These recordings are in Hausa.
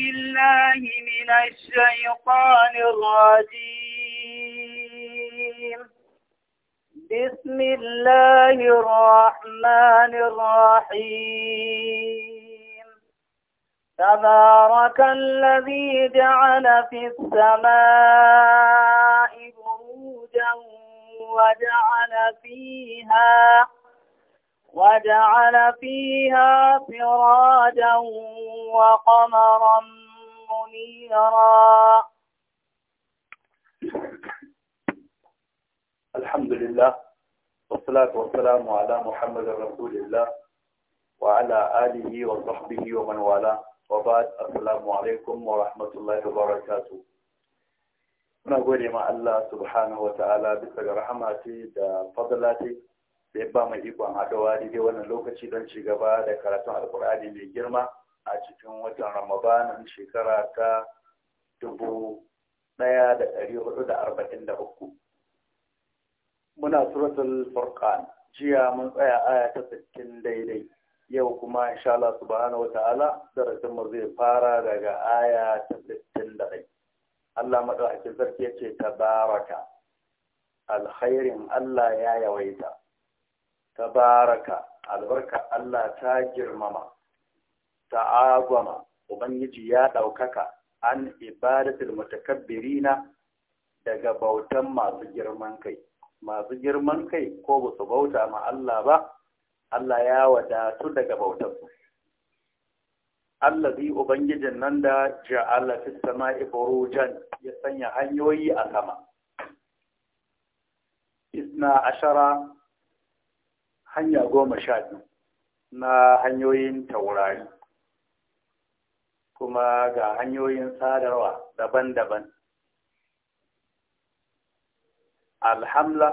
بالله من الشيطان الرجيم بسم الله الرحمن الرحيم تبارك الذي جعل في السماء بروجا وجعل فيها وجعل فيها سراجا وقمرا منيرا الحمد لله والصلاة والسلام على محمد رسول الله وعلى آله وصحبه ومن والاه وبعد السلام عليكم ورحمة الله وبركاته muna gode ma Allah subhanahu wata'ala bisa ga rahamati da fadlati da ya ba mu ikon haɗawa daidai wannan lokaci don ci gaba da karatun alkur'ani mai girma a cikin watan ramadanin shekara ta dubu ɗari hudu muna suratul furqan jiya mun tsaya aya ta sittin daidai yau kuma insha Allah subhanahu wataala darasin mu zai fara daga aya ta sittin Allah madaukakin sarki yace tabaraka alkhairin Allah ya yawaita tabaraka albarka Allah ta girmama ta'azama ubangiji ya ɗaukaka an ibadatul mutakabbirina daga bautan masu girman kai masu girman kai ko ba su bauta ma Allah ba Allah ya wadatu daga bautan su allazi ubangijin nan da ja'ala fis sama'i burujan ya sanya hanyoyi a sama isna ashara hanya goma sha biyu na hanyoyin taurari kuma ga hanyoyin sadarwa daban-daban alhamla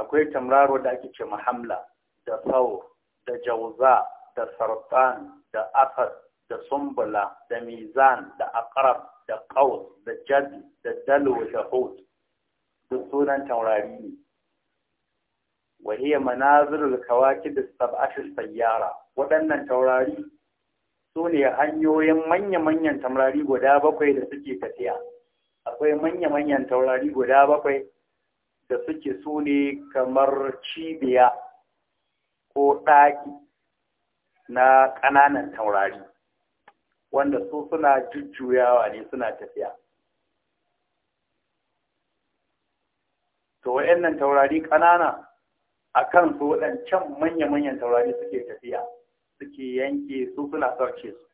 akwai tamraro da ake ce mahamla da sau da jauza da Sarfan da afar, da sumbula da mizan da akarar, da Kaus da jadi da dalo da hut duk sunan taurari ne manazirar kawaki da السبعة sayyara, waɗannan taurari su ne hanyoyin manya-manyan taurari guda bakwai da suke tafiya akwai manya-manyan taurari guda bakwai da suke su ne kamar cibiya ko ɗaki na ƙananan taurari wanda su suna jujjuyawa ne suna tafiya to wa'annan taurari ƙanana a kan su waɗancan manya-manyan taurari suke tafiya suke yanke su suna sarce su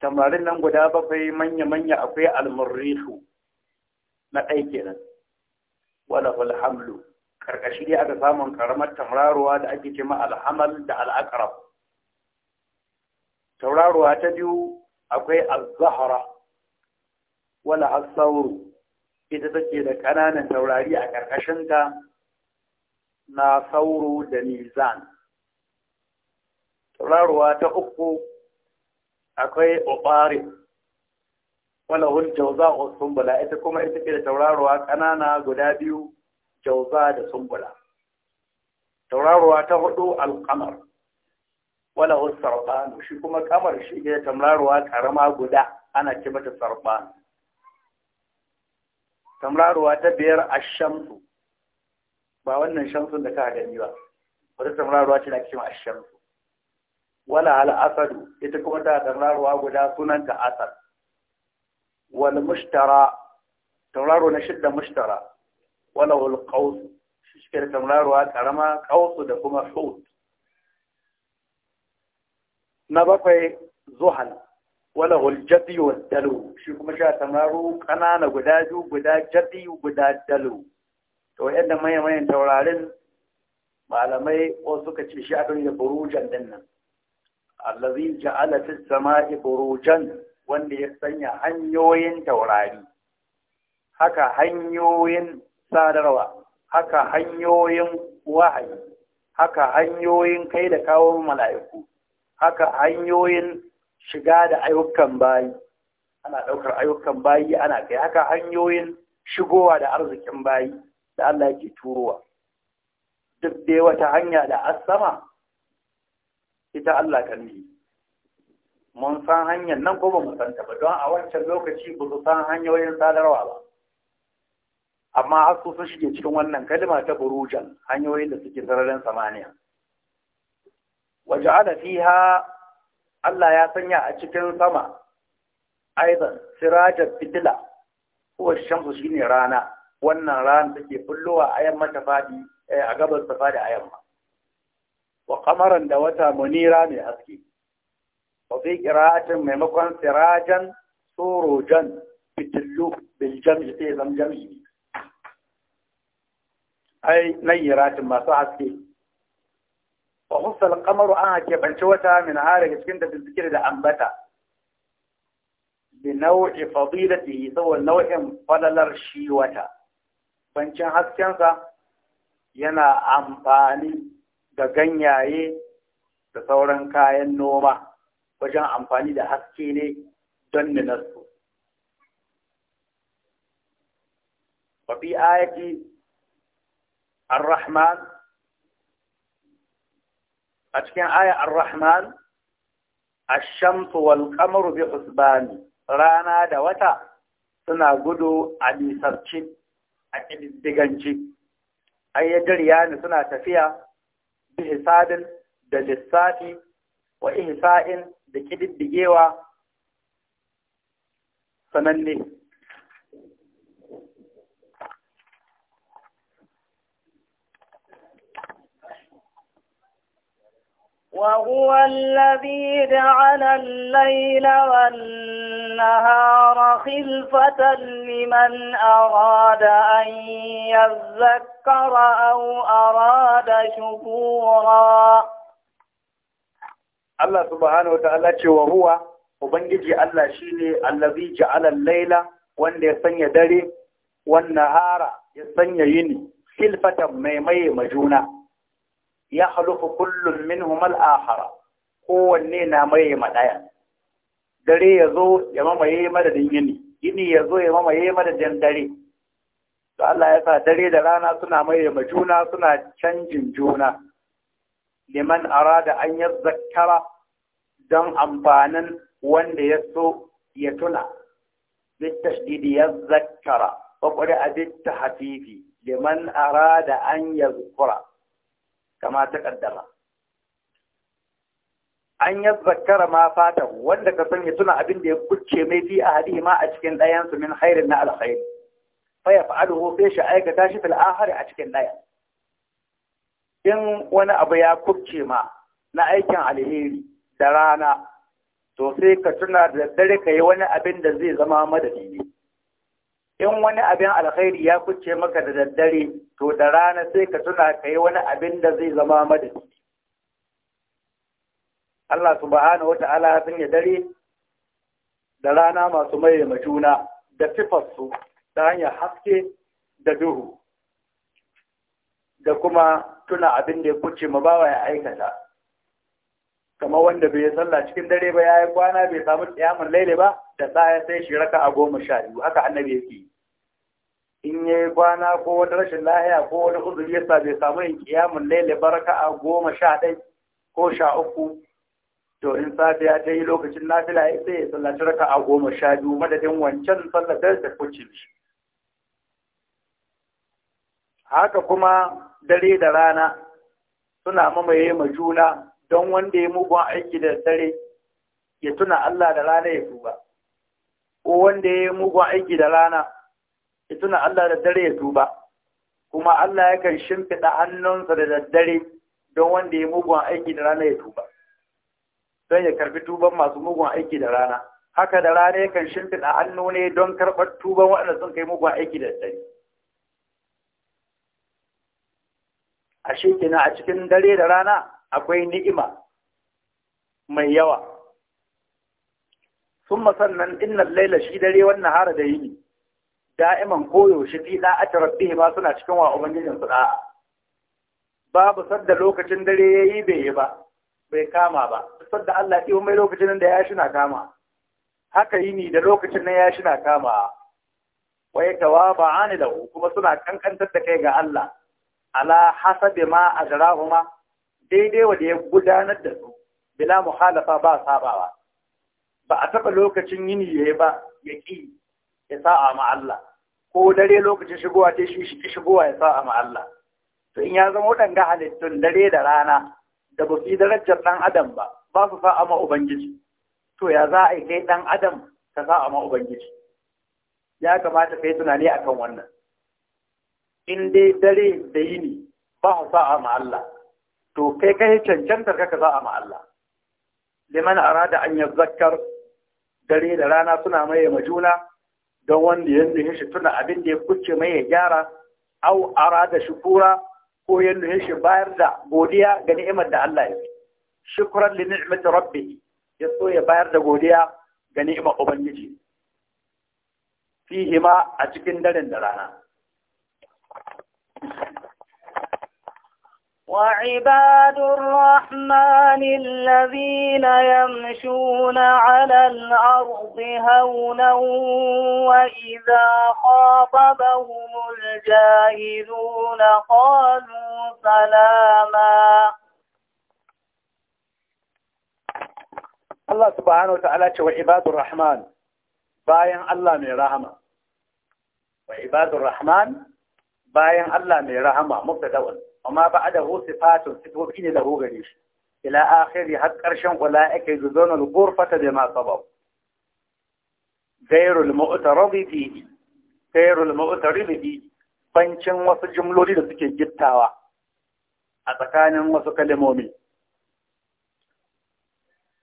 tamarin nan guda bakwai manya-manya akwai almurrihu na ɗai kenan wala alhamlu karkashi dai aka samun karamar tauraruwa da ake cema alhamal da al'akarab tauraruwa ta biyu akwai al-zahra wala hassauru ita take da ƙananan taurari a karkashinta na sauro da mizan rarwa ta uku akwai obari wala hun jauza wa sumbula ita kuma ita ke da tauraruwa ƙanana guda biyu jauza da sumbula tauraruwa ta hudu alkamar wala hun sarban shi kuma kamar shi ke da tauraruwa karama guda ana ce mata sarban tauraruwa ta biyar ashamsu ba wannan shamsun da ka gani ba wata tauraruwa ce da ake ce ashamsu ولا على أسد يتكون ده تغرار وأقول ده سنن كأسد والمشترى تغرار نشد مشترى ولو القوس شكل تغرار وأكرمه قوس ده حوت نبقي زحل وله الجدي والدلو شوف مشى تمارو أنا أنا جداجو جدا جدي وجدا دلو تو هذا ما يمين تورالين ما لما يوصل كتشي يبروج عندنا allazi ja'ala fis sama'i burujan wanda ya sanya hanyoyin taurari haka hanyoyin sadarwa haka hanyoyin wahayi haka hanyoyin kai da kawo mala'iku haka hanyoyin shiga da ayyukan bayi ana ɗaukar ayyukan bayi ana kai haka hanyoyin shigowa da arzikin bayi da Allah ke turowa duk dai wata hanya da asama ita Allah kalli mun san hanyar nan ko ba mu san ta ba don a wancan lokaci ba su san hanyoyin sadarwa ba amma asusun sun shige cikin wannan kalima ta burujan hanyoyin da suke sararin samaniya Waje waja'ala fiha Allah ya sanya a cikin sama aizan sirajar fitila huwa shamsu shine rana wannan rana take fullowa a yamma ta fadi eh, a gabas ta fadi a yamma wa kamaran da wata munira mai haske wa fi qira'atin maimakon sirajan surujan fitillu bil jam'i sai zam jam'i ai nayyiratin masu haske wa hussar qamaru an banci wata min hare cikin da zikir da ambata bi nau'i fadilatihi saboda nau'in falalar shi wata bancin haskensa yana amfani da ganyaye da sauran kayan noma wajen amfani da haske ne don ninarsu. Wafi ayati Ar-Rahman a cikin aya Ar-Rahman Ash-shamsu wal qamaru bi usbani rana da wata suna gudu a lisarci a ƙididdiganci ayyadar yani suna tafiya ihsadin da lissafi wa ihsa'in da kididdigewa sananne وهو الذي جعل الليل والنهار خلفة لمن أراد أن يذكر أو أراد شكورا الله سبحانه وتعالى وهو Ubangiji Allah shi ne allazi ja'ala laila wanda ya sanya dare, wannan hara ya sanya yini, hilfatan maimaye ya halufu kullum min humal ahara kowanne na maye maɗaya dare ya zo ya mamaye madadin yini yini ya zo ya mamaye madadin dare to Allah ya sa dare da rana suna maye ma juna suna canjin juna liman arada an ya zakkara don amfanin wanda ya so ya tuna bitashdidi ya zakkara wa a bitta hafifi. liman arada an yazkura kama ta kaddama an ya zakkara ma fata wanda ka sanya tuna abin da ya kucce mai fi a hadihi ma a cikin ɗayansu min hairin na alkhairi fa ya fa'aluhu sai shi aikata shi fil ahari a cikin ɗaya in wani abu ya kucce ma na aikin alheri da rana to sai ka tuna da dare ka yi wani abin da zai zama madadi ne in wani abin alkhairi ya kuce maka da daddare to da rana sai ka tuna ka yi wani abin da zai zama madadi Allah subhanahu wata'ala sun ya dare da rana masu maye majuna da sifarsu ta hanyar haske da duhu da kuma tuna abin da ya kuce ma bawa ya aikata kamar wanda bai sallah cikin dare ba yayi kwana bai samu tsiyamar laile ba da tsaya sai shi raka a goma sha biyu haka annabi yake in yayi kwana ko wata rashin lahiya ko wani uzuri yasa bai samu yin kiyamul laile ba raka a goma sha ɗai ko sha uku to in safiya ta yi lokacin nafila ya sai ya sallaci raka a goma sha biyu madadin wancan sallar da kuce shi haka kuma dare da rana suna mamaye ma juna don wanda ya mugun aiki da dare ya tuna Allah da rana ya tuba ko wanda ya mugun aiki da rana ya tuna Allah da dare ya tuba kuma Allah ya kan shimfiɗa hannunsa da daddare don wanda ya mugun aiki da rana ya tuba don ya karbi tuban masu mugun aiki da rana haka da rana kan shimfiɗa hannu ne don karɓar tuban waɗanda sun kai mugun aiki da daddare a shekina a cikin dare da rana akwai ni'ima mai yawa sun sannan innan laila shi dare wannan hara da yini da'iman koyaushe fi da'ata rabbihi ma suna cikin wa ubangijin su da'a babu sadda lokacin dare yayi bai yi ba bai kama ba sadda Allah ya mai lokacin da ya shina kama haka yini da lokacin na ya shina kama wa yatawaba da kuma suna kankantar da kai ga Allah ala hasabi ma ajrahuma daidai wanda ya gudanar da su bila muhalafa ba sabawa ba a taɓa lokacin yini yayi ba ya ƙi ya sa'a ma Allah ko dare lokacin shigowa ta shi shi shigowa ya sa'a ma Allah to in ya zama waɗanda halittun dare da rana da ba fi darajar ɗan adam ba ba su sa'a ma ubangiji to ya za a yi kai ɗan adam ka sa'a ma ubangiji ya kamata kai tunani akan wannan in dai dare da yini ba ku sa'a ma Allah to kai kai cancantar ka sa'a ma Allah liman arada an yazakkar dare da rana suna maye ma juna, don wanda yanzu shi tuna abin da ya kuce mai ya gyara au da shukura ko yanzu shi bayar da godiya ga ni'imar da Allah ya fi. Shukuran li ni'mati rabbi ya so ya bayar da godiya ga ni'imar ubangiji fihima a cikin daren da rana وعباد الرحمن الذين يمشون على الأرض هونا وإذا خاطبهم الجاهلون قالوا سلاما الله سبحانه وتعالى وعباد الرحمن باين الله من رحمة وعباد الرحمن باين الله من رحمة مبتدأ amma ba a da hu sifatun sifofi ne da hu shi ila akhiri har ƙarshen kula ake gizon al-ghurfata da ma sabab gairul mu'taridi fi gairul mu'taridi fi bancin wasu jumloli da suke gittawa a tsakanin wasu kalmomi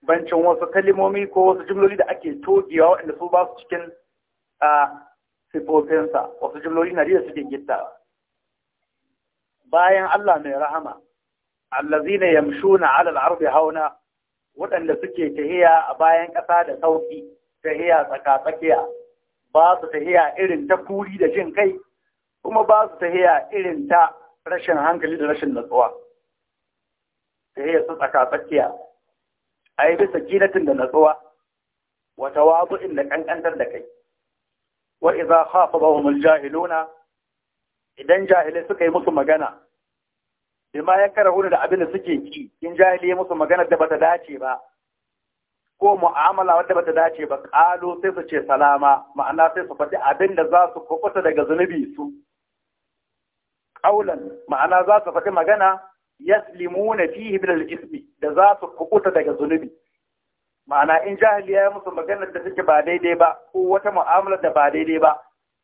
bancin wasu kalmomi ko wasu jumloli da ake togewa waɗanda su ba su cikin a sifofinsa wasu jumloli na da suke gittawa bayan Allah mai rahama allazina yamshuna ala al-ardi hauna waɗanda suke tahiya a bayan ƙasa da sauki tahiya tsakatsakiya ba su tahiya irin ta kuri da jin kai kuma ba su tahiya irin ta rashin hankali da rashin natsuwa tahiya su tsakatsakiya ai bisa kinatin da natsuwa wata tawadu'in da kankantar da kai wa idza khatabahum al-jahiluna idan jahilai suka yi musu magana bima ya karahuna da abin da suke ki in jahili musu magana da bata dace ba ko mu'amala wadda bata dace ba kalo sai su ce salama ma'ana sai su faɗi abin da za su kukuta daga zunubi su qaulan ma'ana za su faɗi magana yaslimuna fihi bil ismi da za su kukuta daga zunubi ma'ana in jahiliya ya musu magana da suke ba daidai ba ko wata mu'amala da ba daidai ba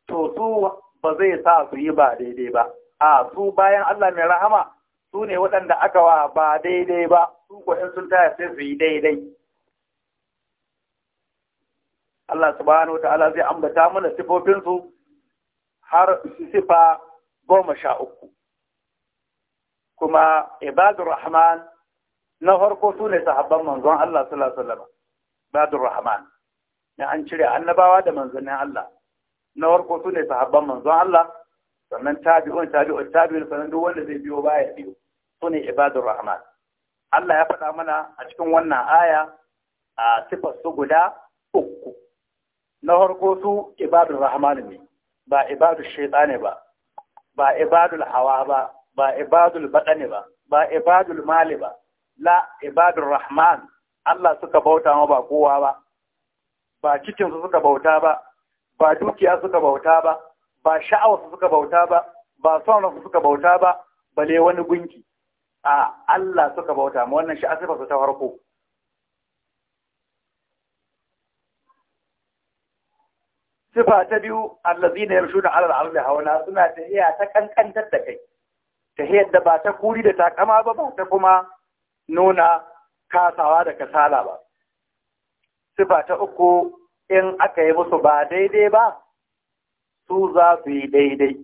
to su ba zai sa su yi ba daidai ba a su bayan Allah mai rahama su ne waɗanda aka wa ba daidai ba su kuɗin sun taya sai su yi daidai Allah subhanahu ta'ala zai ambata mana sifofinsu har sifa goma sha uku kuma ibadur rahman na farko su ne sahabban manzon Allah sallallahu alaihi wasallam ibadur rahman na an cire annabawa da manzannin Allah na warko su ne sahabban manzon Allah sannan tabi'un tabi'un tabi'un sannan duk wanda zai biyo baya biyo su ne ibadur rahman Allah ya faɗa mana a cikin wannan aya a sifar su guda uku na farko su ibadur rahman ne ba ibadur shaytane ba ba ibadul hawa ba ba ibadul badane ba ba ibadul mali ba la ibadur rahman Allah suka bauta ma ba kowa ba ba cikin su suka bauta ba ba dukiya suka bauta ba ba sha'awarsu suka bauta ba ba son suka bauta ba bale wani gunki a Allah suka bauta ma wannan shi asifa su ta farko sifa ta biyu Allah allazina yarshuna ala Allah ardi hawla suna iya ta kankantar da kai iya da ba ta kuri da takama ba ba ta kuma nuna kasawa da kasala ba sifa ta uku in aka yi musu ba daidai ba su za su yi daidai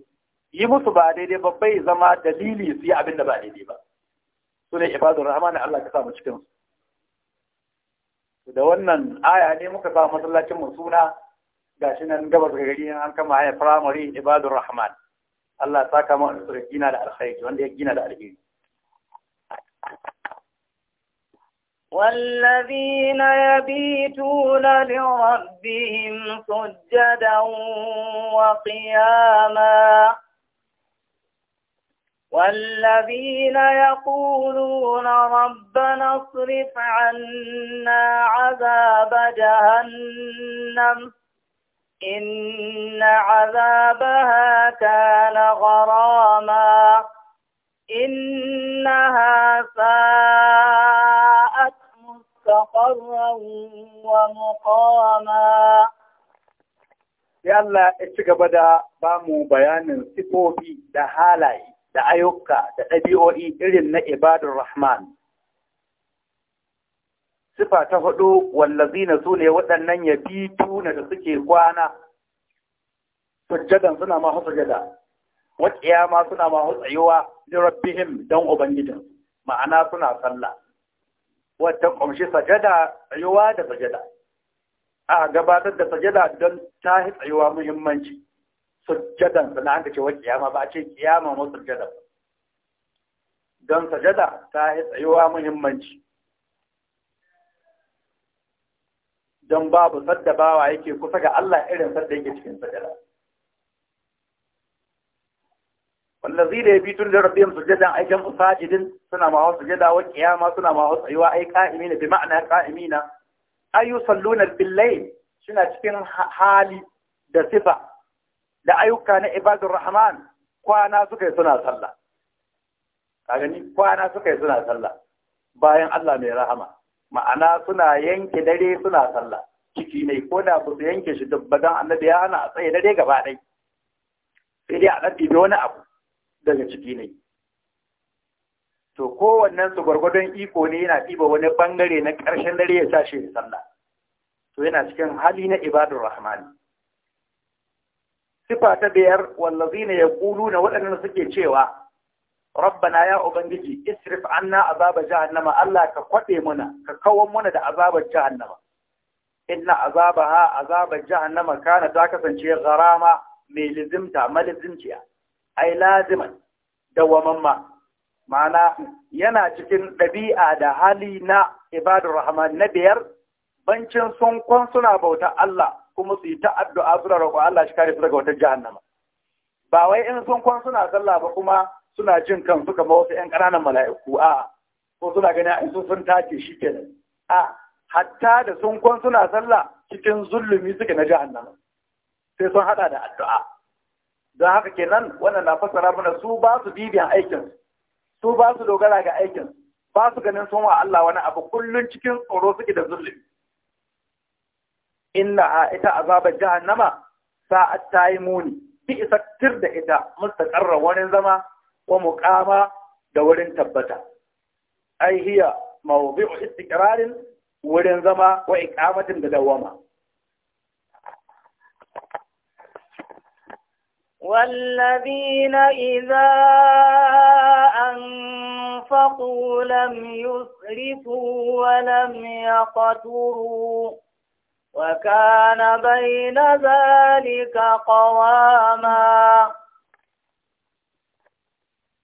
yi musu ba daidai ba bai zama dalili su yi abin da ba daidai ba su ne ibadun rahama Allah ka samu cikin da wannan aya ne muka sa masallacin mu suna gashi nan gabas ga gari an kama haya firamare ibadun rahman Allah saka kama wani gina da alkhairi wanda ya gina da alkhairi. والذين يبيتون لربهم سجدا وقياما والذين يقولون ربنا اصرف عنا عذاب جهنم إن عذابها كان غراما إنها ساعة مستقرا Allah ya ci gaba da ba mu bayanin sifofi da halaye da ayyuka da ɗabi'o'i irin na Ibadar Rahman. Sifa ta hudu wallazina su ne waɗannan ya bi tuna da suke kwana, sujjadan suna ma sujjada, waƙiya ma suna ma tsayuwa jirar bihim don Ubangijin, ma'ana suna sallah. wadda kumshi sajada tsayuwa da sajada a gabatar da sajada don ta yi tsayuwa muhimmanci sujjadan suna an ce wa kiyama ba a ce kiyama mu sujjada don sajada ta yi tsayuwa muhimmanci don babu sadda bawa yake kusa ga Allah irin sadda yake cikin sajada wallazi da tun da rabbiyam sujadan ai kan sajidin suna ma hawa sujada wa kiyama suna ma hawa tsayuwa ai qa'imina bi ma'ana qa'imina ay yusalluna bil layl suna cikin hali da sifa da ayyuka na ibadur rahman kwana suka yi suna sallah ka gani kwana suka yi suna sallah bayan Allah mai rahama ma'ana suna yanke dare suna sallah ciki ne ko da ba su yanke shi dubban annabi ya hana a tsaye dare gaba ɗaya. sai dai a ɗaɗɗibe wani abu daga ciki ne to kowannen su gwargwadon iko ne yana ɗiba wani ɓangare na ƙarshen dare ya tashi da sallah to yana cikin hali na ibadun rahmani sifa ta biyar ya ƙulu na waɗannan suke cewa rabbana ya ubangiji isrif anna azaba jahannama Allah ka kwaɗe muna ka kawon muna da azabar jahannama inna azabaha azabar jahannama kana ta kasance gharama mai lizimta malizimciya ai laziman ma ma'ana yana cikin ɗabi'a da hali na ibadar rahman na biyar bancin sun kwan suna bauta Allah kuma su yi ta addu'a suna roƙo Allah shi kare su daga wata jahannama ba wai in sun kwan suna sallah ba kuma suna jin kansu kamar wasu 'yan ƙananan mala'iku a ko suna ganin in sun tace shi kenan a hatta da sun kwan suna sallah cikin zulumi suke na jahannama sai sun hada da addu'a don haka kenan wannan na fassara mana su ba su bibiyan aikin su ba su dogara ga aikin ba su ganin sun wa Allah wani abu kullum cikin tsoro suke da zulmi inna ita azabar jahannama sa'at ta yi muni fi isa tir da ita mustaqarra wani zama wa muqama da wurin tabbata ai hiya mawdi'u istiqrarin wurin zama wa iqamatin da dawama والذين إذا أنفقوا لم يسرفوا ولم يقتروا وكان بين ذلك قواما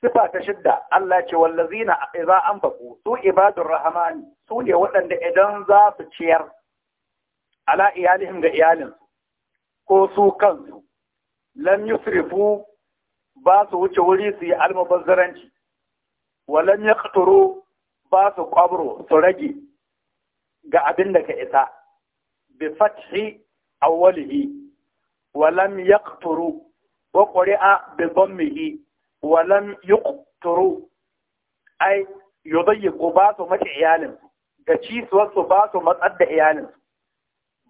sifa ta shidda Allah ce wallazina idza anfaqu su ibadur rahmani su ne waɗanda idan za su ciyar la iyalihim ga iyalinsu ko su kansu lam yusrifu ba su wuce wuri su yi almubazzaranci wa lam yaqturu ba su kwabro su rage ga abin da ka isa bi fathi awwalihi wa lam yaqturu wa qari'a bi dhammihi wa lam yuqturu ai yudayyiqu ba su mace iyalin da ci su ba su matsar da iyalin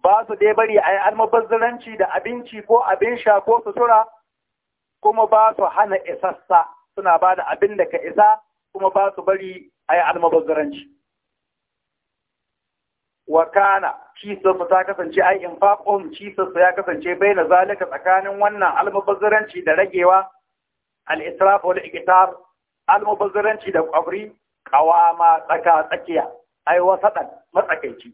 ba su dai bari a yi almabazzaranci da abinci ko abin sha ko sutura kuma ba su hana isassa suna ba da abin da ka isa kuma ba su bari a yi almabazzaranci wa kana ta kasance ai faƙon cisosu ya kasance bai na zalika tsakanin wannan almabazzaranci da ragewa al-israf ikitar almabazzaranci da kwabri qawama tsaka tsakiya ai wasadan matsakaici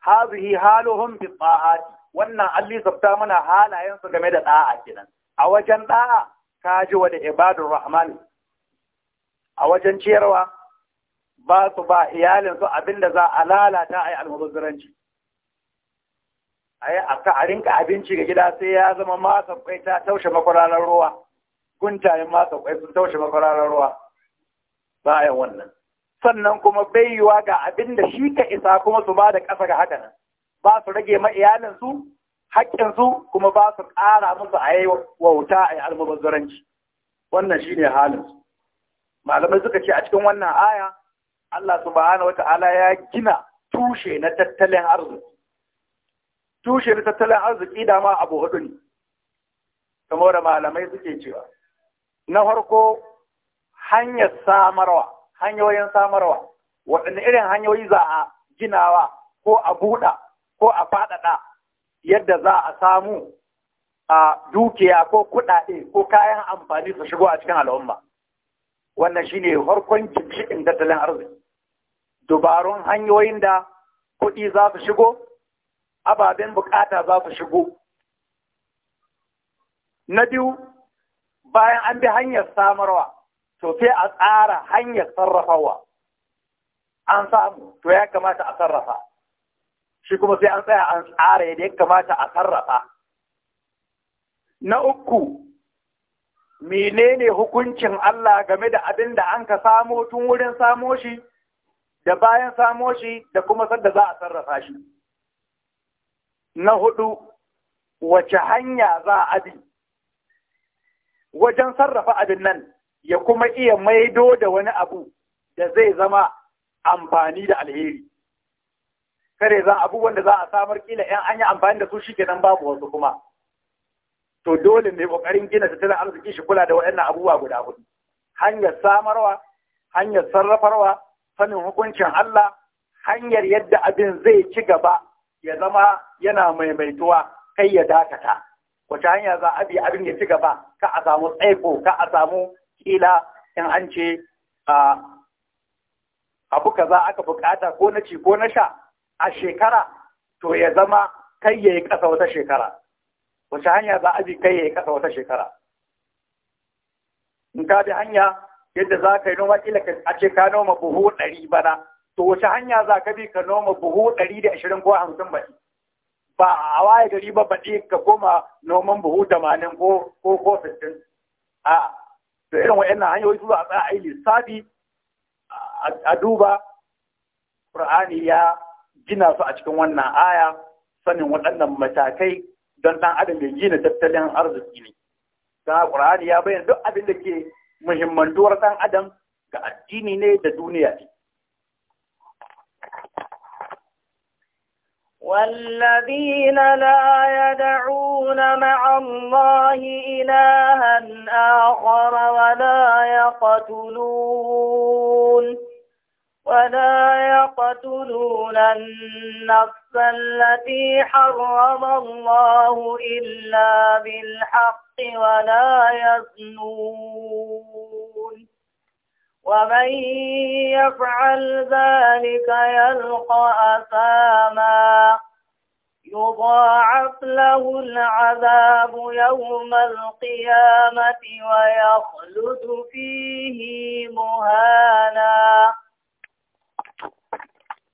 hazihi haluhum bi ta'at wannan alli zafta mana halayen su game da da'a kenan a wajen da'a ka ji wa da ibadur rahman a wajen ciyarwa ba su ba iyalin su abinda za a lalata ai almubazzaranci ai aka a rinka abinci ga gida sai ya zama masa kwai ta taushe makwararar ruwa guntayen masa kwai sun taushe makwararar ruwa bayan wannan sannan kuma baiwa ga abin da shi ka isa kuma su ba da ƙasa ga haka nan ba su rage ma iyalinsu haƙƙinsu kuma ba su ƙara musu a yi wauta a yi almubazzaranci wannan shi ne halinsu malamai suka ce a cikin wannan aya Allah subhanahu wata'ala ya gina tushe na tattalin arziki tushe na tattalin arziki da ma abu hudu ne kamar da malamai suke cewa na farko hanyar samarwa hanyoyin samarwa waɗanne irin hanyoyi za a ginawa ko a buɗa ko a faɗaɗa yadda za a samu a dukiya ko kuɗaɗe ko kayan amfani su shigo a cikin al'umma wannan shine farkon ginshiƙin tattalin arziki dubarun hanyoyin da kuɗi za su shigo ababen bukata za su shigo na biyu bayan an bi hanyar samarwa to sai a tsara hanyar sarrafawa an samu to ya kamata a sarrafa shi kuma sai an tsaya an tsara yadda ya kamata a sarrafa na uku menene hukuncin Allah game da abin da an ka samo tun wurin samo shi da bayan samo shi da kuma sadda za a sarrafa shi na hudu wace hanya za a bi wajen sarrafa abin nan ya kuma iya maido da wani abu da zai zama amfani da alheri kare zan abubuwan da za a samar kila yan an yi amfani da su shi nan babu wasu kuma to dole mai ƙoƙarin gina tattalin arziki shi kula da waɗannan abubuwa guda hudu hanyar samarwa hanyar sarrafarwa sanin hukuncin Allah hanyar yadda abin zai ci gaba ya zama yana maimaituwa kai ya dakata wace hanya za a bi abin ya ci gaba ka a samu tsaiko ka a samu kila in an ce abu za aka bukata ko na ci ko na sha a shekara to ya zama kai ya yi ƙasa wata shekara wace hanya za a bi kai ya yi ƙasa wata shekara in ka bi hanya yadda za ka yi noma kila a ce ka noma buhu ɗari bana to wace hanya za ka bi ka noma buhu ɗari da ashirin ko hamsin ba? ba a waye gari ba baɗi ka koma noman buhu tamanin ko ko sittin a da irin wa'annan hanyoyi su za a tsaya a yi lissafi a duba ƙur'ani ya gina su a cikin wannan aya sanin waɗannan matakai don ɗan adam ya gina tattalin arziki ne. Da ƙur'ani ya bayyana duk abin da ke muhimmantuwar ɗan adam ga addini ne da duniya ne. والذين لا يدعون مع الله إلها آخر ولا يقتلون ولا يقتلون النفس التي حرم الله إلا بالحق ولا يزنون ومن يفعل ذلك يلقى أثاما يضاعف له العذاب يوم القيامة ويخلد فيه مهانا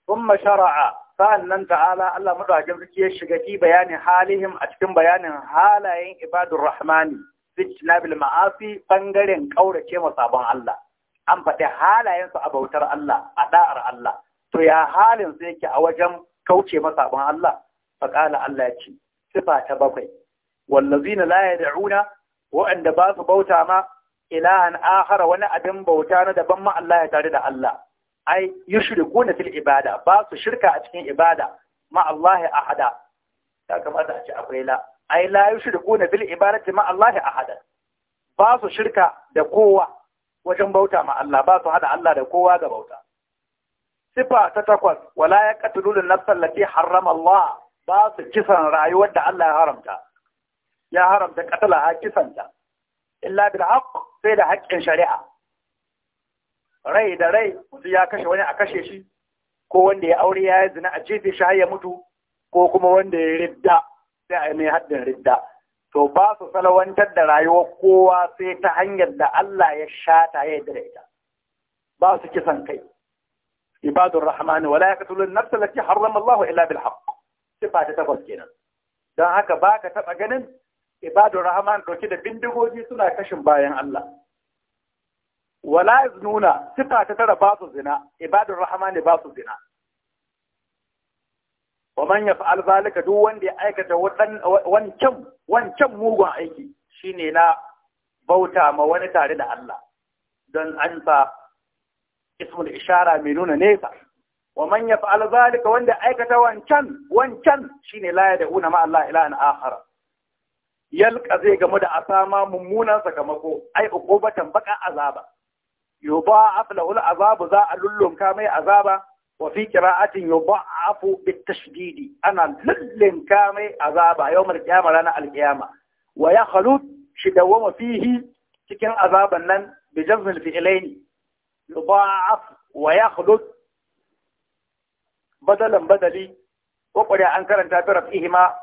ثم شرع فأنن تعالى الله مدعى جمعك يشغتي بيان حالهم أتكم بيان حالهم عباد الرحمن سجنا بالمعافي فنقرن كورة كما صابان الله an faɗi halayensu a bautar Allah a ɗa'ar Allah to ya halin su yake a wajen kauce masabin Allah faƙala Allah ya ce sifa ta bakwai wallazina da yad'una wa'anda ba su bauta ma ilahan akhara wani abin bauta na daban ma Allah ya tare da Allah ai yushrikuna fil ibada ba su shirka a cikin ibada ma Allah ya ahada ya kamata a ce akwai la ai la yushrikuna fil ibadati ma Allah ya ahada ba su shirka da kowa wajen bauta ma Allah ba su hada Allah da kowa ga bauta sifa ta takwas wala yaqtuluna an-nafsa allati harrama Allah ba su kisan rayuwar da Allah ya haramta ya haramta katala ha kisanta illa bil haqq sai da haƙƙin shari'a rai da rai wasu ya kashe wani a kashe shi ko wanda ya aure ya yi zina a jefe shi har ya mutu ko kuma wanda ya ridda sai a mai haddin ridda to ba su salawantar da rayuwar kowa sai ta hanyar da Allah ya shata ya yarda ita ba su kisan kai ibadur rahmani wala yaqtulun nafsa allati harrama Allah illa bil haqq sifa ta takwas kenan don haka ba ka taɓa ganin ibadur rahman dauke da bindigogi suna kashin bayan Allah wala yaznuna sifa ta tara ba su zina ibadur rahmani ba su zina wa man yaf'al zalika duk wanda ya aikata wancan wancan mugun aiki shine na bauta ma wani tare da Allah don an sa ismun ishara mai nuna nesa wa man yaf'al zalika wanda aikata wancan wancan shine la ya da'una ma Allah yalqa zai gamu da asama mummunan sakamako ai ukubatan baka azaba yudha'af lahu al-azabu za a lullunka mai azaba وفي قراءة يضعف بالتشديد أنا للم كامي عذاب يوم القيامة لنا القيامة ويخلط شدوم فيه تكن عذاب النن بجزم الفعلين يضاعف ويخلد بدلا بدلي يا أنكر أن تعبر فيهما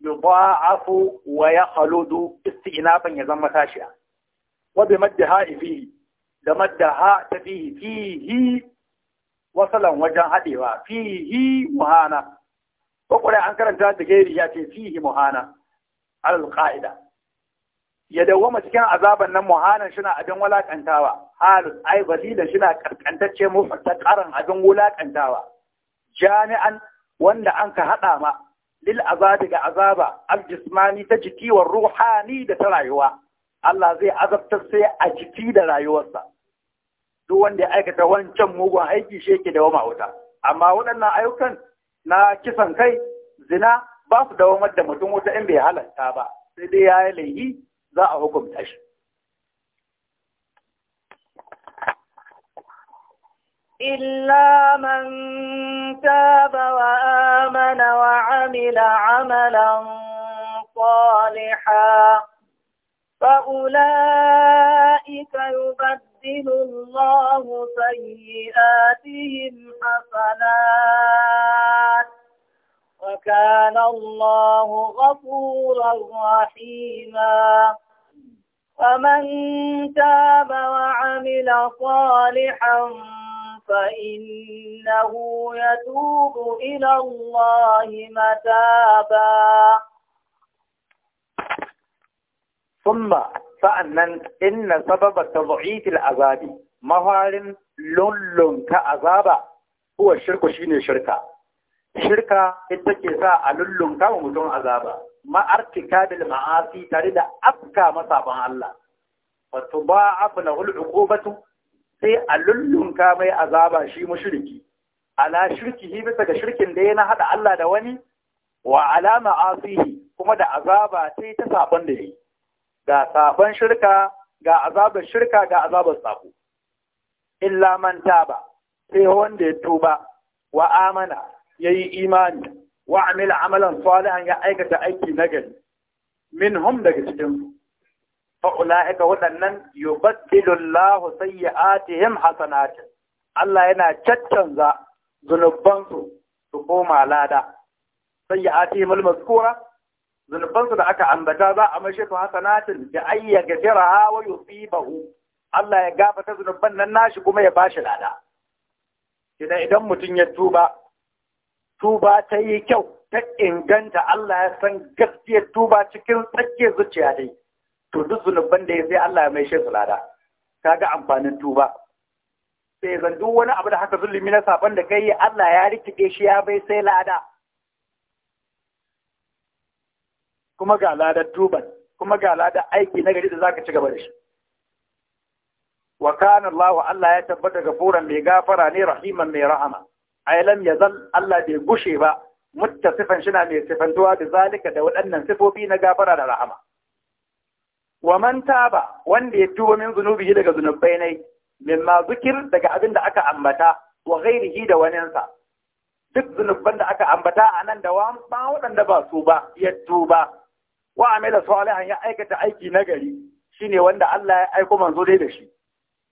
يضاعف ويخلد استئنافا يزم تاشئا وبمد فيه لمد هاء فيه فيه wasalan wajen haɗewa fihi muhana ko kuma an karanta da gairi ya ce fihi muhana al qaida ya dawwama cikin azaban nan muhanan shina abin wulakantawa hal ai zalilan shina karkantacce mu fatakaran abin wulakantawa jami'an wanda an ka haɗa ma lil azabi ga azaba al jismani ta jiki wa ruhani da ta rayuwa Allah zai azabtar sai a jiki da rayuwarsa duk wanda ya aikata wancan mugun aiki shi yake dawama wuta amma waɗannan ayyukan na kisan kai zina ba su dawamar da mutum wuta in bai halarta ba sai dai ya yi laifi za a hukumta shi إلا من تاب وآمن وعمل عملا صالحا فأولئك يبدل الله سيئاتهم حسنات وكان الله غفورا رحيما فمن تاب وعمل صالحا فإنه يتوب إلى الله متابا summa sa'annan inna sababa tad'ifil azabi mafarin lullunta azaba kuwa shirku shine shirka shirka ita ke sa a lullunta wa mutum azaba ma'artika bil ma'asi tare da afka masaban Allah na hulɗu ko batu? sai a lullunka mai azaba shi mushriki ala shirkihi bisa ga shirkin da yana hada Allah da wani wa alama ma'asihi kuma da azaba sai ta saban da yi ga sabon shirka ga azabar shirka ga azabar illa man taba sai wanda ya tuba wa amana yayi imani wa amila amalan salihan ya aikata aiki na gari. Min minhum daga cikin su fa ulaika wadannan yubaddilu Allahu sayyi'atihim hasanatin Allah yana caccanza zunubansu su koma lada sayyi'atihim al-mazkura zunubansu da aka ambata za a mashe su hasanatin da ayya yi fi bahu Allah ya gafata zunuban nan nashi kuma ya bashi lada idan idan mutum ya tuba tuba ta yi kyau ta inganta Allah ya san gaskiyar tuba cikin tsakiyar zuciya dai to duk zunuban da ya sai Allah ya maishe su lada kaga amfanin tuba sai zan duk wani abu da haka zulumi na saban da kai Allah ya rikide shi ya bai sai lada kuma ga ladar tuban kuma ga ladar aiki na gari da zaka ci gaba da shi wa kana Allah Allah ya tabbata gafuran mai gafara ne rahiman mai rahama ay lam yazal Allah bai gushe ba Sifan shi na mai sifantuwa da zalika da waɗannan sifofi na gafara da rahama wa man taba wanda ya tuba min zunubi daga zunubai ne ma zikir daga abin da aka ambata wa ghairihi da waninsa duk zunuban da aka ambata a nan da wa ba waɗanda ba su ba ya tuba wa amila salihan ya aikata aiki nagari shine wanda Allah ya aiko manzo dai da shi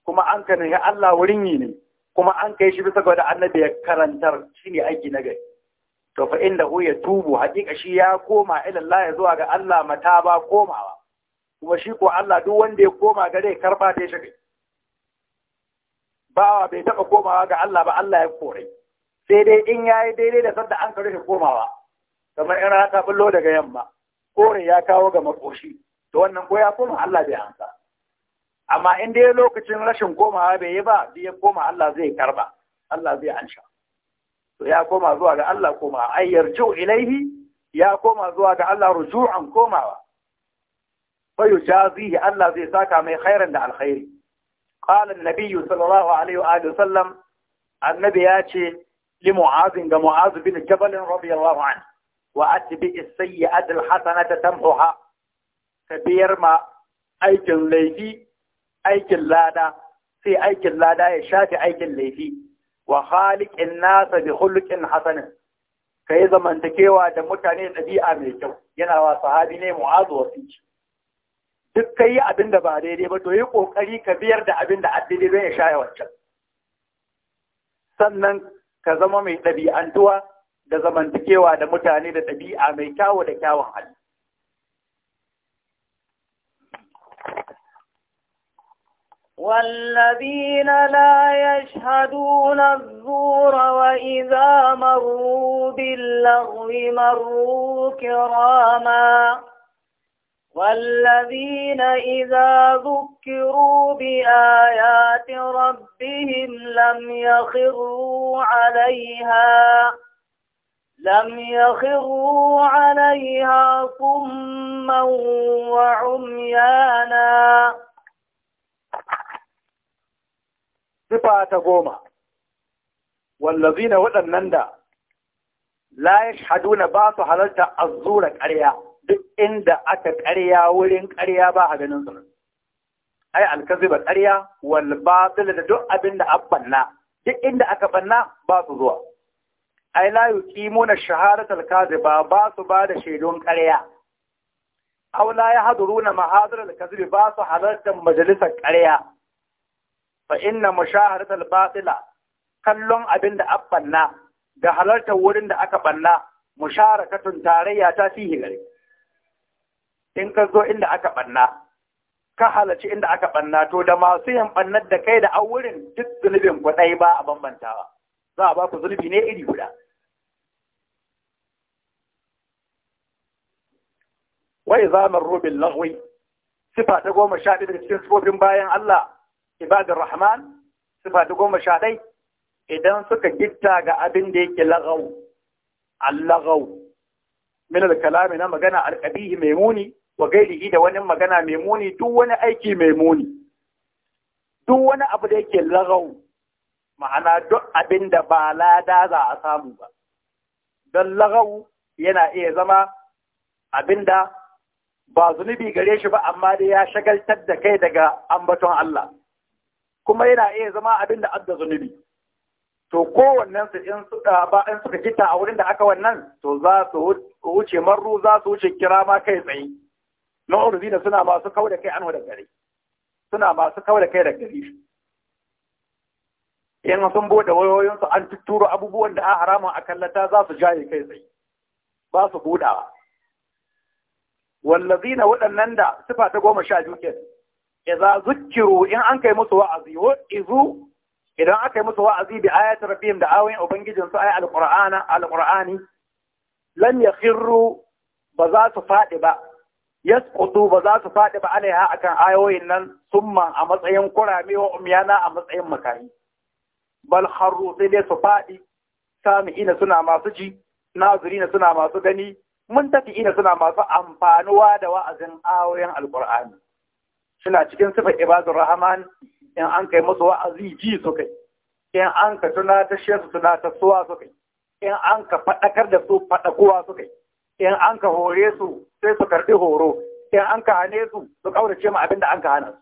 kuma an kana ya Allah wurin yi ne kuma an kai shi bisa ga annabi ya karantar shine aiki nagari to fa inda hu ya tubu hakika shi ya koma ila Allah ya zuwa ga Allah mataba komawa kuma shi ko Allah duk wanda ya koma gare karba ta shi bawa bai taba komawa ga Allah ba Allah ya kore sai dai in yayi daidai da sanda an kare shi komawa kamar in rana ta bullo daga yamma kore ya kawo ga makoshi to wannan ko ya koma Allah bai amsa amma in dai lokacin rashin komawa bai yi ba bai ya koma Allah zai karba Allah zai ansha to ya koma zuwa ga Allah koma ay yarju ilaihi ya koma zuwa ga Allah ruju'an komawa fa yujazihi Allah zai saka mai khairan da alkhairi qala an-nabiy sallallahu alaihi wa alihi sallam annabi ya ce li mu'az ga mu'az bin jabal radiyallahu anhu wa atbi as-sayyi'ata al-hasanata tamhuha ka biyar ma aikin laifi aikin lada sai aikin lada ya shafi aikin laifi wa khaliqin nasa bi khuluqin hasanin ka yi zamantakewa da mutane ɗabi'a mai kyau yana wa sahabi ne mu'azu wasiki duk ka yi abin da ba daidai ba to yi ƙoƙari ka biyar da abin da addini don ya shaye wancan sannan ka zama mai ɗabi'antuwa da zamantakewa da mutane da dabi'a mai kyawu da kyawun hali والذين لا يشهدون الزور وإذا مروا باللغو مروا كراما والذين إذا ذكروا بآيات ربهم لم يخروا عليها لم يخروا عليها صما وعميانا صفة تقوم والذين ودن نندا لا يشهدون بعض حلالة الزورة كريا إندا أتى كريا ولين كريا باها بننظر أي الكذبة كريا والباطل لدو أبن أبنا إندا أكبنا باطل زورة ai la yuqimuna shahadatal kadhiba ba su ba da shaidun ƙarya aw la yahduruna mahadaral kadhibi ba su halartar majalisar ƙarya fa inna mushahadatal batila kallon abin da abbanna da halartar wurin da aka banna musharakatun tarayya ta fihi gare in ka zo inda aka banna ka halarci inda aka banna to da masu yin bannar da kai da wurin duk zunubin kuɗai ba a bambantawa za a ba ku zunubi ne iri guda wai zamar rubin lahwi sifa ta goma sha ɗaya daga cikin sufofin bayan Allah ibadar rahman sifa ta goma sha ɗai idan suka gita ga abin da yake lagau allagau min alkalami na magana alƙabihi mai muni wa gairihi da wani magana mai muni duk wani aiki mai muni duk wani abu da yake lagau ma'ana duk abin da ba lada za a samu ba don lagau yana iya zama abin da ba zunubi gare shi ba amma dai ya shagaltar da kai daga ambaton Allah kuma yana iya zama abin da adda zunubi to kowannen su in suka ba in suka kita a wurin da aka wannan to za su wuce marru za su wuce kirama kai tsaye na da suna masu kawo da kai an da gari. suna masu kawo da kai da gari. in sun bude wayoyinsu an tutturo abubuwan da a haramun a kallata za su jaye kai tsaye ba su budawa wallazina waɗannan da sifa ta goma sha biyu ke idza zukkiru in an kai musu wa'azi wa izu idan aka yi musu wa'azi bi ayatu rabbihim da ayoyin ubangijin su ay alqur'ana alqur'ani lan yakhirru ba za su faɗi ba yasqutu ba za su faɗi ba alaiha akan ayoyin nan summa a matsayin kurame wa umyana a matsayin makani. bal harro sai dai su faɗi sami'ina suna masu ji nazirina suna masu gani mun tafi ina suna masu amfanuwa da wa'azin auren alkur'ani suna cikin sifar ibadur rahman in an kai musu wa'azi ji su kai in an ka ta shi su ta suwa su kai in an ka faɗakar da su faɗakuwa su kai in an ka hore su sai su karɓi horo in an ka hane su su ƙaurace ma abin da an ka hana su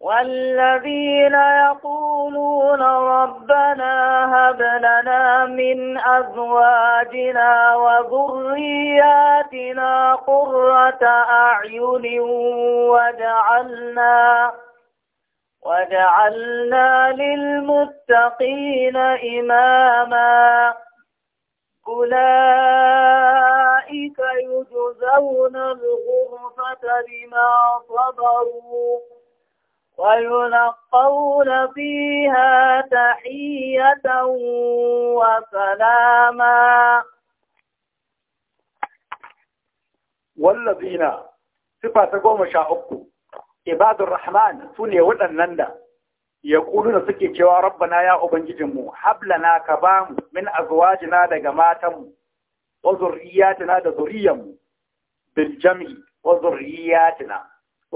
والذين يقولون ربنا هب لنا من أزواجنا وذرياتنا قرة أعين وجعلنا وجعلنا للمتقين إماما أولئك يجزون الغرفة بما صبروا ويلقون فيها تحية وسلاما والذين صفة قوم شاء عباد الرحمن سنة ودنندا يقولون suke cewa rabbana ya ubangijinmu hablana ka bamu min azwajina daga matan wa zurriyatina da zuriyar mu, Biljami wa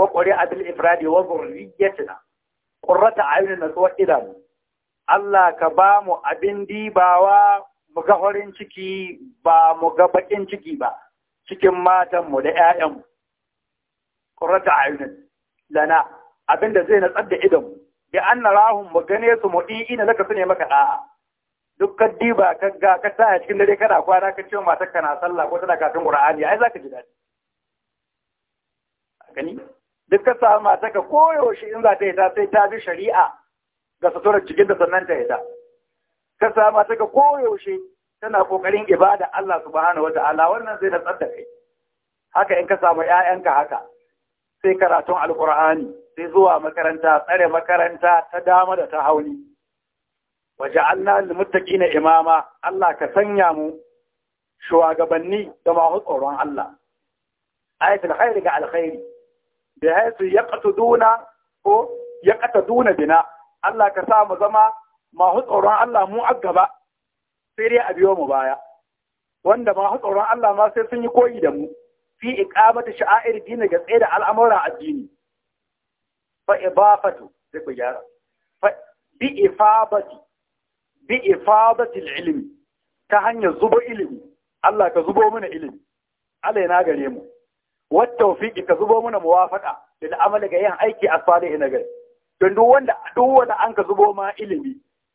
wa qari'a bil ifradi wa dhurriyyatina qurrata ayunin natsuwa idanu Allah ka bamu mu abin dibawa mu ciki ba mu bakin ciki ba cikin matanmu da 'ya'yanmu qurrata ayunin lana abin da zai natsar da idonmu bi an narahum mu gane su mu ina laka su ne maka da'a dukkan diba ka ga ka tsaya cikin dare kana kwana ka ce matar kana sallah ko tana karatun qur'ani ai zaka ji daɗi duk ka samu ta ka koyaushe in za ta yi ta sai ta bi shari'a ga suturar cikin da sannan ta yi ta ka samu ta ka koyaushe tana kokarin ibada Allah subhanahu ta'ala wannan zai na da kai haka in ka samu 'ya'yanka haka sai karatun Alkur'ani, sai zuwa makaranta tsare makaranta ta dama da ta hauni waja'alna mutaki na imama Allah ka sanya mu shugabanni da masu tsoron Allah ayatul khairi ga alkhairi da haisu ya duna ko ya duna bina Allah ka sa mu zama masu tsoron Allah mu a gaba sai dai a biyo mu baya wanda masu tsoron Allah ma sai sun yi koyi da mu fi iqamati sha'air dini ga tsaye da al'amuran addini fa ibafatu sai ku gyara fa bi ifabati bi ifadati ilmi ta hanyar zubo ilimi Allah ka zubo mana ilimi Allah gare mu Wata tawfiqi ka zubo mana da da amala ga yin aiki a salihi na gari don duk wanda an ka zubo ma ilimi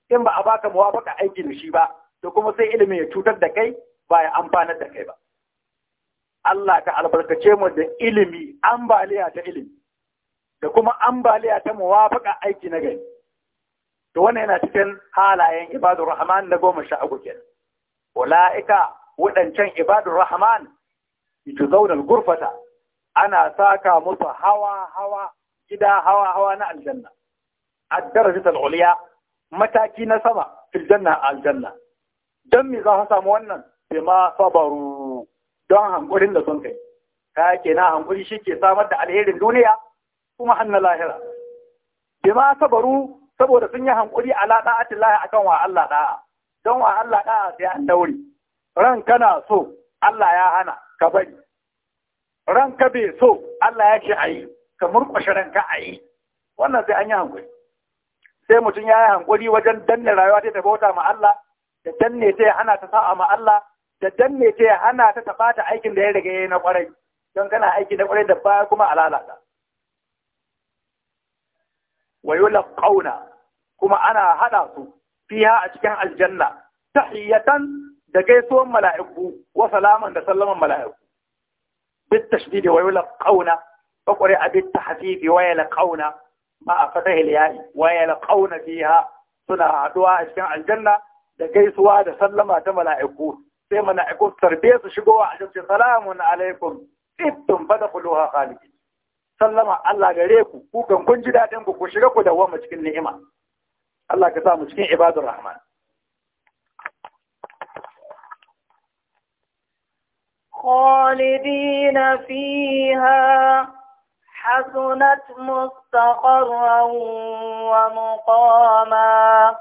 in ba a baka muwafaka aiki da shi ba da kuma sai ilimin ya cutar da kai ba ya amfanar da kai ba Allah ka albarkace mu da ilimi ambaliya ta ilimi da kuma ambaliya ta muwafaka aiki na gari to wani yana cikin halayen ibadur rahman na goma sha uku kenan ulaika waɗancan ibadur rahman yujzauna zaunar gurfata. ana saka musu hawa hawa gida hawa hawa na aljanna A darajat al mataki na sama fil janna aljanna dan me za ka samu wannan ma sabaru don hankurin da sun kai ka hankuli hankuri ke samar da alherin duniya kuma hanna lahira ma sabaru saboda sun yi hankuri ala da'atillahi akan wa Allah da'a don wa Allah da'a sai an daure ran kana so Allah ya hana ka bari ranka bai so Allah ya ce a yi ka murƙushe ranka a yi wannan sai an yi hankuri sai mutum ya yi hankuri wajen danne rayuwa ta bauta ma Allah da danne ta hana ta sa'a ma Allah da danne ta hana ta taɓa ta aikin da ya riga ya yi na ƙwarai don kana aiki na ƙwarai da baya kuma a lalata wa yulqauna kuma ana haɗa su fiha a cikin aljanna tahiyatan da gaisuwan mala'iku wa salaman da sallaman mala'iku بالتشديد ويلقون فقرئ a ويلقون مع فتح الياء ويلقون فيها suna haɗuwa a cikin aljanna da gaisuwa da sallama ta mala'iku sai mala'iku tarbe su shigowa a cikin salamun alaikum ibtum fadkhuluha khalidin sallama Allah gare ku ku kan kun ji dadin ku ku shiga ku dawwama cikin ni'ima Allah ka sa mu cikin ibadur rahman خالدين فيها حسنت مستقرا ومقاما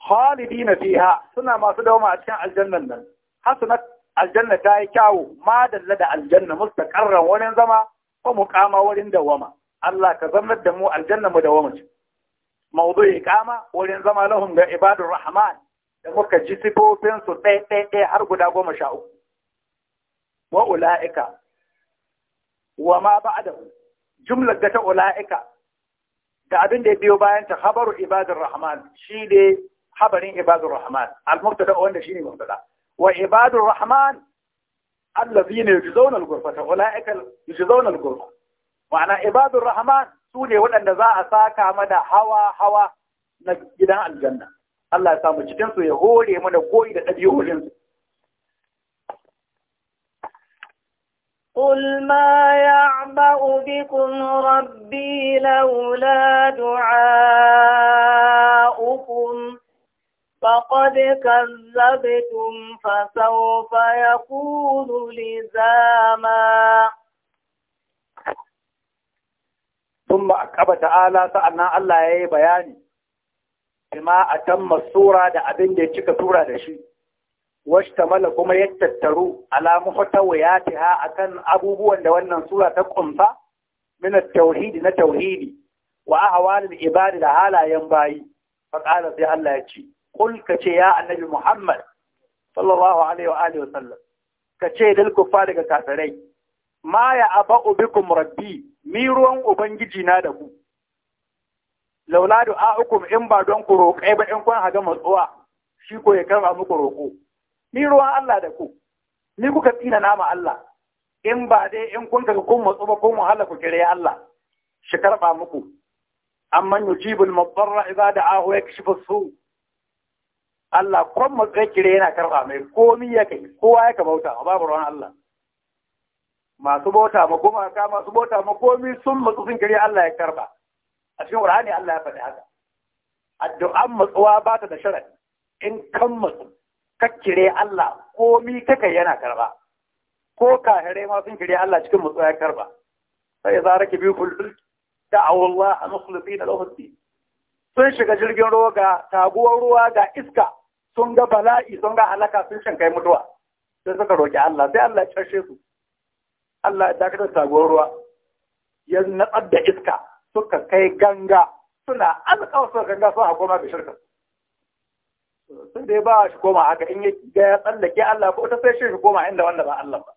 خالدين فيها سنة ما سدوما أتشان الجنة لن. حسنت الجنة تاي كاو ما دلد الجنة مستقرا ولن ومقاما ولن الله كزمت دمو الجنة مدومة موضوع إقامة ولن لهم عباد الرحمن da muka ji sifofinsu ɗaya ɗaya har guda goma sha uku wa ula'ika wa ma ba'dahu jumlar da ta ula'ika da abin da ya biyo bayan ta habaru Ibadun rahman shi ne habarin Ibadun rahman al-mubtada wanda shi ne mubtada wa Ibadun rahman Allah zai ne allazina zaunar al-ghurfata ulaika yujzauna zaunar gurfa. ma'ana Ibadun rahman su ne waɗanda za a saka mada hawa hawa na gidan aljanna Allah ya samu cikin su ya hore mana koyi da ɗabi'o'in su قل ما يعبأ بكم ربي لولا دعاؤكم فقد كذبتم فسوف يكون لزاما ثم أكبر تعالى سألنا الله يا بياني a tan sura da abin da ya cika tura da shi mala kuma ya tattaru alamu ala muhtawiyatiha akan abubuwan da wannan sura ta kunfa min at na tauhidi wa ahwal al-ibad da halayen bayi fa sai Allah ya ce kul ce ya annabi Muhammad sallallahu alaihi wa alihi wa sallam kace dal kufa daga kafirai ma ya aba'u bikum rabbi mi ruwan ubangiji na da ku laula du'a'ukum in ba don ku roƙai ba in kun haga matsuwa shi ko ya karba muku roƙo ni ruwan Allah da ku ni kuka tsina nama Allah in ba dai in kun kaga kun matsu ba kun wahala ku kire Allah shi karba muku amman yujibul mudarra idza da'ahu yakshifu su Allah kon matsayi kire yana karba mai komi ya kai kowa ya kabauta babu ruwan Allah masu bauta ma ka masu bauta ma komi sun matsu sun kire Allah ya karba a cikin qur'ani Allah ya faɗi haka addu'an matsuwa ba ta da sharadi in kan matsu kakkire Allah ko mi kaka yana karba ko kahirai ma sun kire Allah cikin matsuwa ya karba sai ya zara ki biyu kulfil da'awu Allah mukhlisina da ad-din sun shiga jirgin ruwa ga taguwar ruwa ga iska sun ga bala'i sun ga halaka sun shankai mutuwa sai suka roƙi Allah sai Allah ya cashe su Allah ya dakatar taguwar ruwa ya natsar da iska suka kai ganga suna alƙawar suka ganga suna koma ga shirka sun da ya ba shi koma haka in ya ga ya tsallake Allah ko ta sai shi koma inda wanda ba Allah ba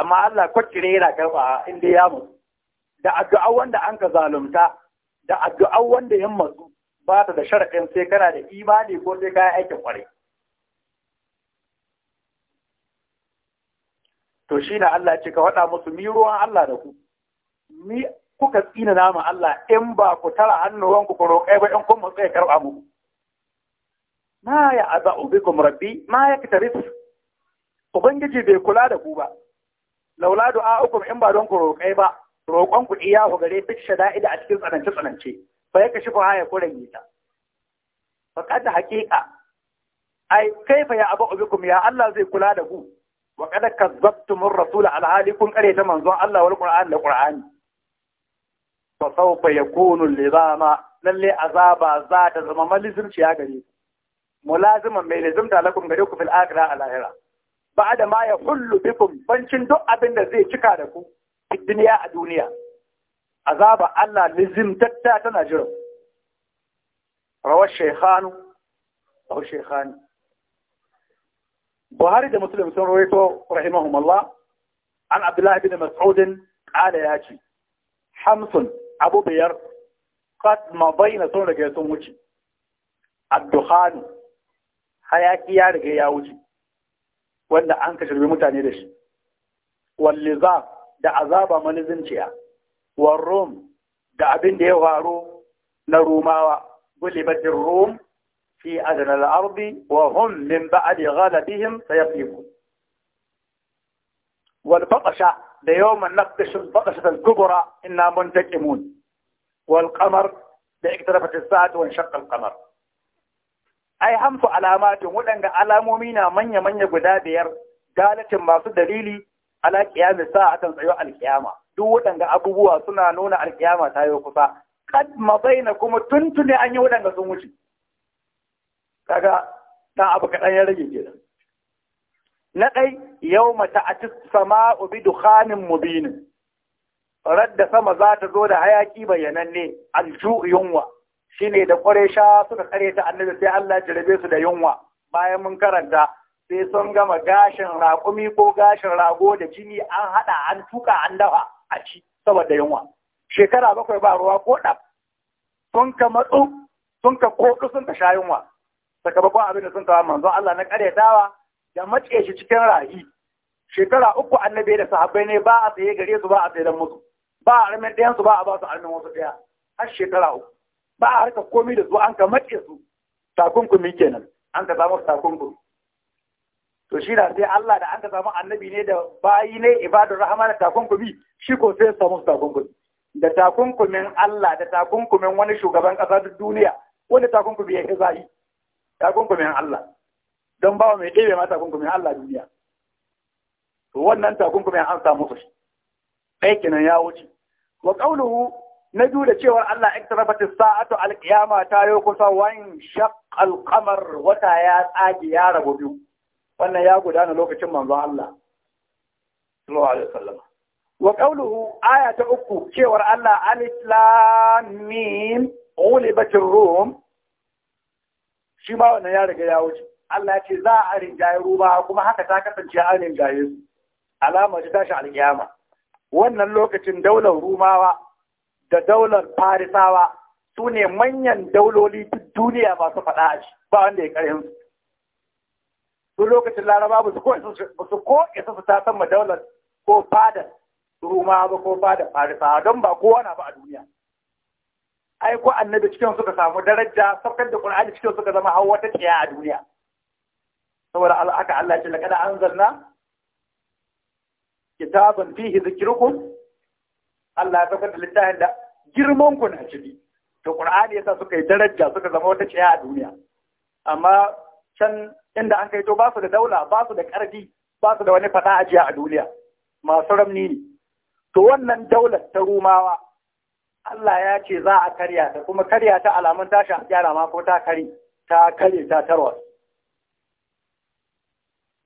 amma Allah kwakkire yana karba inda ya mu da addu'a wanda an ka zalunta da addu'a wanda ya matsu ba ta da sharaɗin sai kana da imani ko sai kayan aikin kware. to shi na Allah ce ka faɗa musu miruwan ruwan Allah da ku kuka tsina nama Allah in ba ku tara hannuwanku ku roƙai ba in kun mutsa ya karɓa muku ma ya aza ubikum rabbi ma ya kitaris ubangiji bai kula da ku ba laula ukum in ba don ku roƙai ba roƙon ku ku gare duk shada'ida a cikin tsanance tsanance fa ya kashi fa ya kuren ta kada haqiqa ai kaifa ya abu ubikum ya Allah zai kula da ku wa kad kazzabtumur rasul alhali kun kare ta manzon Allah wal qur'an da qur'ani fa sawfa yakunu ma. lalle azaba za ta zama shi ya gani. ku mulaziman mai lazimta lakum gari ku fil akhirah a lahira ba'da ma yahullu bikum bancin duk abin da zai cika da ku a duniya a duniya ba Allah lizimtatta tana jira rawar a aw shaykhani Buhari da Muslim sun rawaito rahimahumullah an Abdullah ibn Mas'ud qala yace hamsun أبو بير قد ما بين صورة جاتون وجي الدخان حياكي يارك يا وجي وانا أنكشر بمتاني ليش واللغاق دا عذاب من زنشيا والروم دا أبن دي وغارو نروما بدل الروم في أدنى الأرض وهم من بعد غلبهم سيقيمون والبطشة ليوم نقش البطشة الكبرى إنا منتقمون wal qamar da iktarafat as-sa'atu wa shaqqa al-qamar ai hamsu alamatin waɗanda alamomi na manya manya guda biyar galatin masu dalili ala qiyamis sa'atan tsayo al duk waɗanda abubuwa suna nuna al-qiyama ta yi kusa kad mabaina kuma tuntune an yi waɗanda sun wuce kaga dan abu kaɗan ya rage kenan na ɗai yau mata a sama'u bi dukhanin mubinin radda sama za ta zo da hayaki bayananne alju yunwa shine da sha suka kare ta annabi sai Allah ya jarabe su da yunwa bayan mun karanta sai sun gama gashin raƙumi ko gashin rago da jini an haɗa an tuka an dafa a ci saboda yunwa shekara bakwai ba ruwa ko da sun ka matsu sun ka koɗu sun ka sha yunwa sakamakon abin da sun kawo manzo Allah na karyatawa da matse shi cikin rahi shekara uku annabi da sahabbai ne ba a tsaye gare su ba a tsaye mutu. ba a armen ɗayansu ba a ba su armen wasu ɗaya har shekara uku ba a harka komi da su an ka maƙe su takunkumi kenan an ka samu takunkumi to shi na sai Allah da an ka samu annabi ne da bayi ne ibadar rahama da takunkumi shi ko sai samu takunkumi da takunkumin Allah da takunkumin wani shugaban ƙasa duk duniya wanda takunkumi ya ke zai takunkumin Allah don bawa mai ɗebe ma takunkumin Allah duniya to wannan takunkumin an samu su ɗaya kenan ya wuce wa qawluhu na biyu da cewar Allah iktarafatis sa'atu alƙiyama ta yi kusa wani shaqqal qamar wata ya tsage ya rabu biyu wannan ya gudana lokacin manzon Allah wa aya ta uku cewar Allah alislamin lam mim rum shi ma wannan ya riga ya wuce Allah ce za a rinjaye ruba kuma haka ta kasance a rinjaye su alama ta tashi alƙiyama. wannan lokacin daular rumawa da daular farisawa su ne manyan dauloli duk duniya masu faɗa a shi ba wanda ya ƙarfin su su lokacin laraba ba su ko isa su ta sama daular ko fadar rumawa ba ko fadar farisawa don ba kowa na ba a duniya ai ko annabi cikin suka samu daraja saukar da qur'ani cikin suka zama hau wata tsiya a duniya saboda haka Allah ya ce an anzalna kitabun fihi zikrukum Allah ya saukar da littafin da girman ku na ciki to Qur'ani yasa suka yi daraja suka zama wata ciya a duniya amma can inda an kai to ba su da daula ba su da karfi ba su da wani fata ajiya a duniya masu ramni ne to wannan daular ta rumawa Allah ya ce za a karya ta kuma karya ta alamun tashi a gyara ma ko ta kare ta kare ta tarwa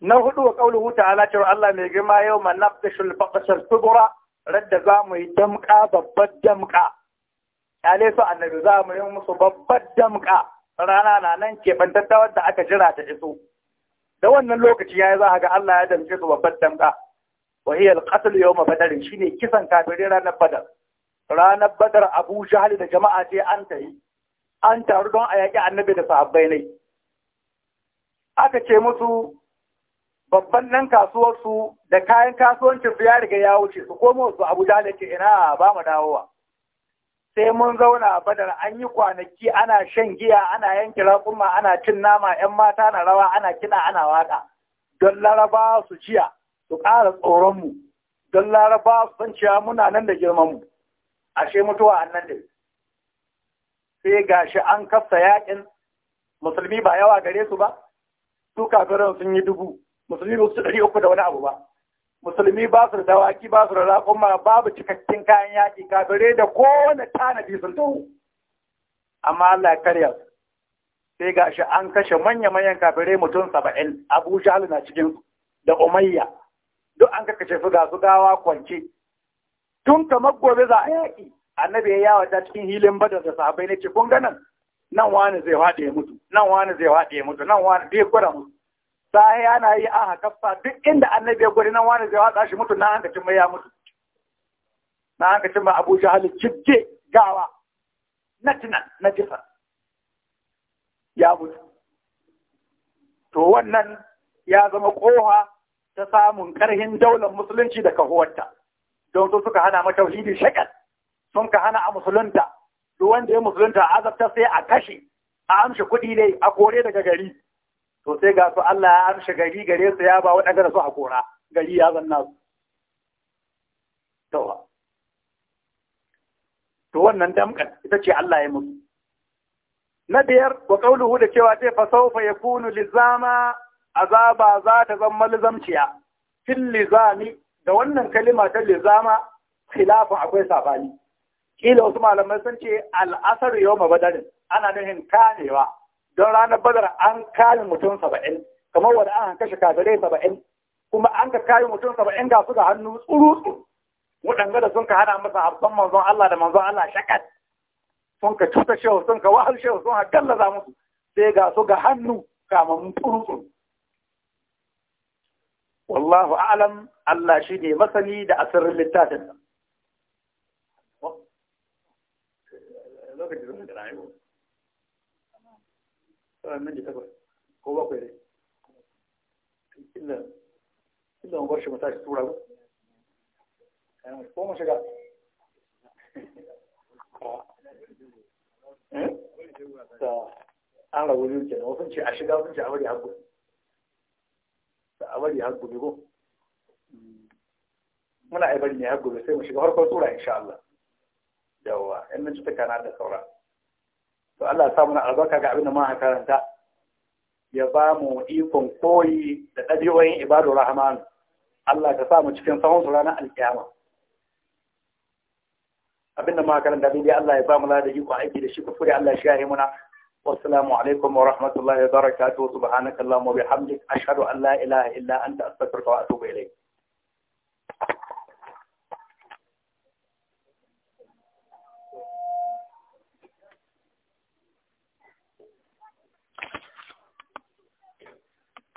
na hudu wa huta ala cewa Allah mai girma yau man naqtashul baqashar tubura radda za mu yi damƙa babbar damƙa. Yale su annabi za mu yi musu babbar damƙa rana na nan keɓantattawar da aka jira ta iso. Da wannan lokaci ya yi za ga Allah ya damƙe su babbar damƙa. Wahiyar ƙasar yau ma badarin shi ne kisan kafirai ranar badar. Ranar badar Abu Jahal da jama'a ce an ta An taru don a yaki annabi da sahabbai ne. Aka ce musu babban nan kasuwarsu da kayan kasuwancin su ya riga ya wuce su komo su abuja da ke ina ba mu dawowa sai mun zauna a badar an yi kwanaki ana shan giya ana yanke raƙuma ana cin nama yan mata na rawa ana kina ana waƙa. don laraba su ciya su ƙara tsoronmu don laraba su san cewa muna nan da girmanmu ashe mutuwa annan da sai gashi an kafsa yakin musulmi ba yawa gare su ba su kafirin sun yi dubu musulmi ba su ɗari uku da wani abu ba musulmi ba su da dawaki ba su da raƙuma babu cikakken kayan yaƙi kafirai da kowane tanadi sun taho amma Allah ya karya sai ga shi an kashe manya-manyan kafirai mutum saba'in abu jahal na cikin da umayya duk an kakashe su ga su gawa kwance tun kamar gobe za a yaƙi annabi ya yawa ta cikin hilin badar da sahabbai ne ce kun ganan nan wani zai waɗe mutu nan wani zai waɗe mutu nan wani bai gwada mutu sai na yi a hakaffa duk inda annabi ya gwani nan wani zai watsa shi mutu na hankacin mai ya mutu na hankacin ba abu halin jibge gawa na tunan na jifa ya mutu to wannan ya zama koha ta samun karhin daular musulunci da kahuwarta don su suka hana mata tauhidi shakal sun ka hana a musulunta duk wanda ya musulunta azabta sai a kashe a amshi kuɗi ne a kore daga gari to sai ga su Allah ya amshi gari gare su ya ba waɗanda su kora gari ya zanna su to wannan damkan ita ce Allah ya musu na biyar wa qauluhu da cewa ce fa ya kunu, lizama azaba za ta zama lizamciya fil lizami da wannan kalima ta lizama khilafin akwai sabani kila wasu malamai sun ce al'asar yau mabadarin ana nuhin kanewa don ranar badar an kayi mutum saba'in kamar wanda an kashe kafirai saba'in kuma an ka kayi mutum saba'in ga su ga hannu tsuru waɗanga da sun ka hana masa habban manzon Allah da manzon Allah shakat sun ka cuta shehu sun ka wahal shehu sun ka gallaza musu sai ga su ga hannu kamar tsuru tsuru wallahu a'lam Allah shi ne masani da asirin littafin nan sauran da takwas ko bakwai ne illa illa bar shi mata shi tura ba ko mu shiga ta eh? an rabu ce a shiga ce a bari hagu a bari hagu ne ko muna ai bari ne hagu sai mu shiga farkon tura insha Allah yawwa in mun ci ta kana da saura to Allah ya sa albarka ga abin da muka karanta ya ba mu ikon koyi da ɗabi'oyin ibadu rahman Allah ka cikin sahun su ranar alƙiyama. abin da muka karanta dai Allah ya ba mu iko aiki da shi ku fure Allah shi ya yi muna wa عليكم ورحمة الله وبركاته سبحانك اللهم وبحمدك أشهد أن لا illa an أنت أستغفرك وأتوب إليك